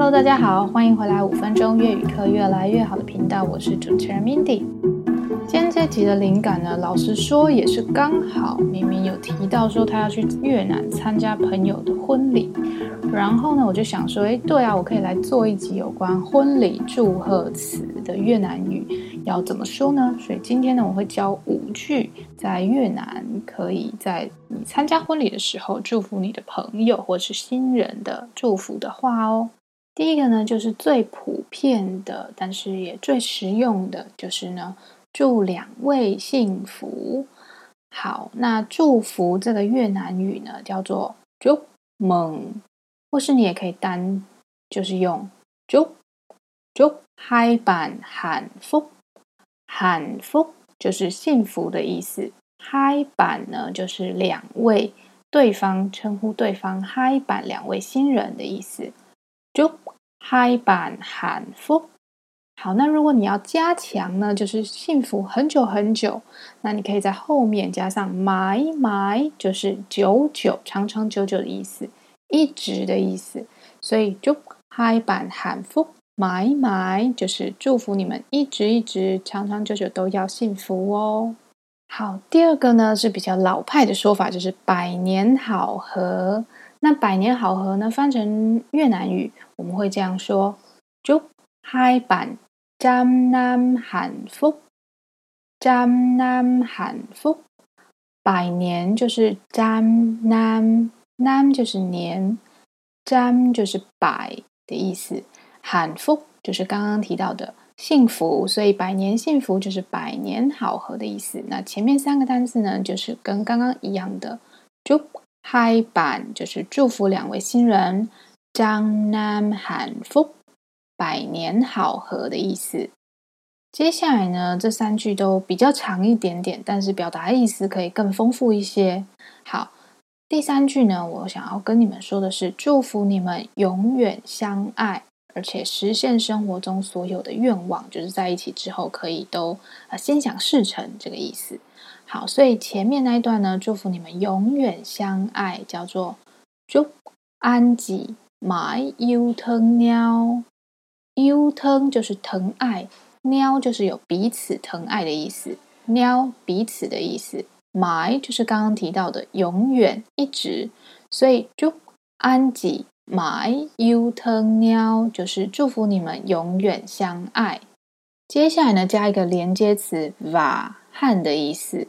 Hello，大家好，歡迎回來五分鐘越語課，越來越好的頻道，我是主持人 Mindy。今天這集的靈感呢，老實說也是剛好，明明有提到說他要去越南參加朋友的婚禮，然後呢，我就想說，誒，對啊，我可以來做一集有關婚禮祝賀詞的越南語要怎麼說呢？所以今天呢，我會教五句在越南可以在你參加婚禮的時候祝福你的朋友或是新人的祝福的話哦。第一個呢，就是最普遍的，但是也最實用的，就是呢，祝兩位幸福。好，那祝福這個越南語呢，叫做祝蒙，或是你也可以單就是用祝祝嗨版喊福喊福，福就是幸福的意思。嗨版呢，就是兩位對方稱呼對方，嗨版兩位新人的意思。祝 hai bạn hạnh phúc，好，那如果你要加強呢，就是幸福很久很久，那你可以在後面加上 “mãi mãi”，就是久久長長久久的意思，一直的意思，所以就 hai bạn hạnh phúcmãi mãi，就是祝福你們一直一直長長久久都要幸福哦。好，第二個呢是比較老派的說法，就是百年好合。那百年好合呢？翻成越南語，我們會這樣說：祝嗨版，占南漢福，占南漢福，百年就是占南，南就是年，占就是百的意思，漢福就是剛剛提到的幸福，所以百年幸福就是百年好合的意思。那前面三個單詞呢，就是跟剛剛一樣的，祝。hai bạn 就是祝福兩位新人 trăm năm hạnh phúc，百年好合的意思。接下來呢，這三句都比較長一點點，但是表達意思可以更豐富一些。好，第三句呢，我想要跟你們說的是，祝福你們永遠相愛，而且實現生活中所有的願望，就是在一起之後可以都心想事成這個意思。好，所以前面那一段呢，祝福你們永遠相愛，叫做“祝安吉 my you now y o u 疼”騰尿騰就是疼愛，“喵”就是有彼此疼愛的意思，“ now 彼此的意思，“my” 就是剛剛提到的永遠一直，所以“祝安吉 my you now 就是祝福你們永遠相愛。接下來呢，加一個連接詞 “va” 和的意思。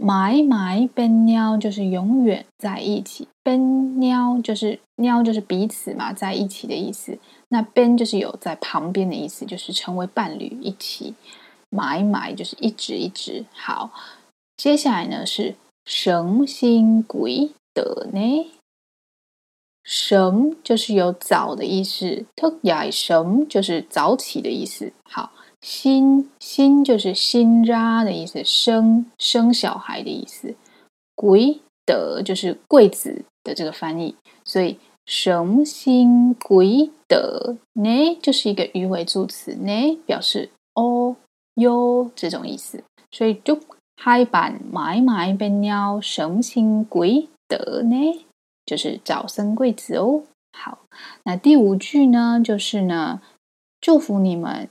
買買 b 尿，就是永遠在一起。b 尿，就是鳥就是彼此嘛，在一起的意思。那 b 就是有在旁邊的意思，就是成為伴侶一起。買買就是一直一直。好，接下來呢是神心鬼的呢。神就是有早的意思，特夜神就是早起的意思。好。心心就是心扎的意思，生生小孩的意思，鬼的，就是貴子的這個翻譯，所以神心鬼的呢，就是一個語尾助詞，呢表示哦喲這種意思，所以祝嗨板買賣變鳥神心鬼的呢，就是早生貴子哦。好，那第五句呢，就是呢，祝福你們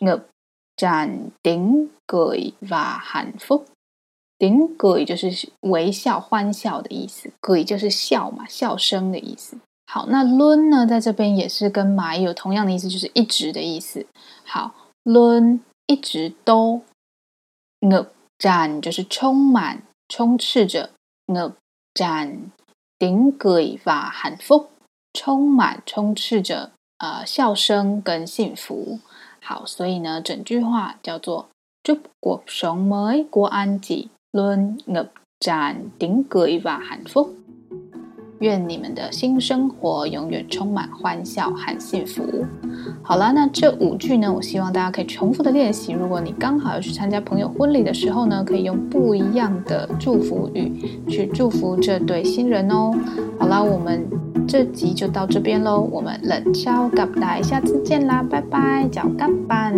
ngập tràn tiếng cười và hạnh phúc，tiếng cười 就是微笑、歡笑的意思，cười 就是笑嘛，笑聲的意思。好，那 luôn 呢，在這邊也是跟 mãi 有同樣的意思，就是一直的意思。好，luôn 一直都 ngập tràn 就是充滿、充斥着 ngập tràn tiếng cười và hạnh phúc，充滿、充斥着呃笑聲跟幸福。好，所以呢，整句話叫做 Chúc cuộc sống mới của anh chị luôn ngập tràn tiếng cười và hạnh phúc。願你們的新生活永遠充滿歡笑和幸福。好啦，那這五句呢，我希望大家可以重複的練習。如果你剛好要去參加朋友婚禮的時候呢，可以用不一樣的祝福語去祝福這對新人哦。好啦，我們。這集就到這邊嘍，我們冷笑嘎不達，下次見啦，拜拜，腳嘎板。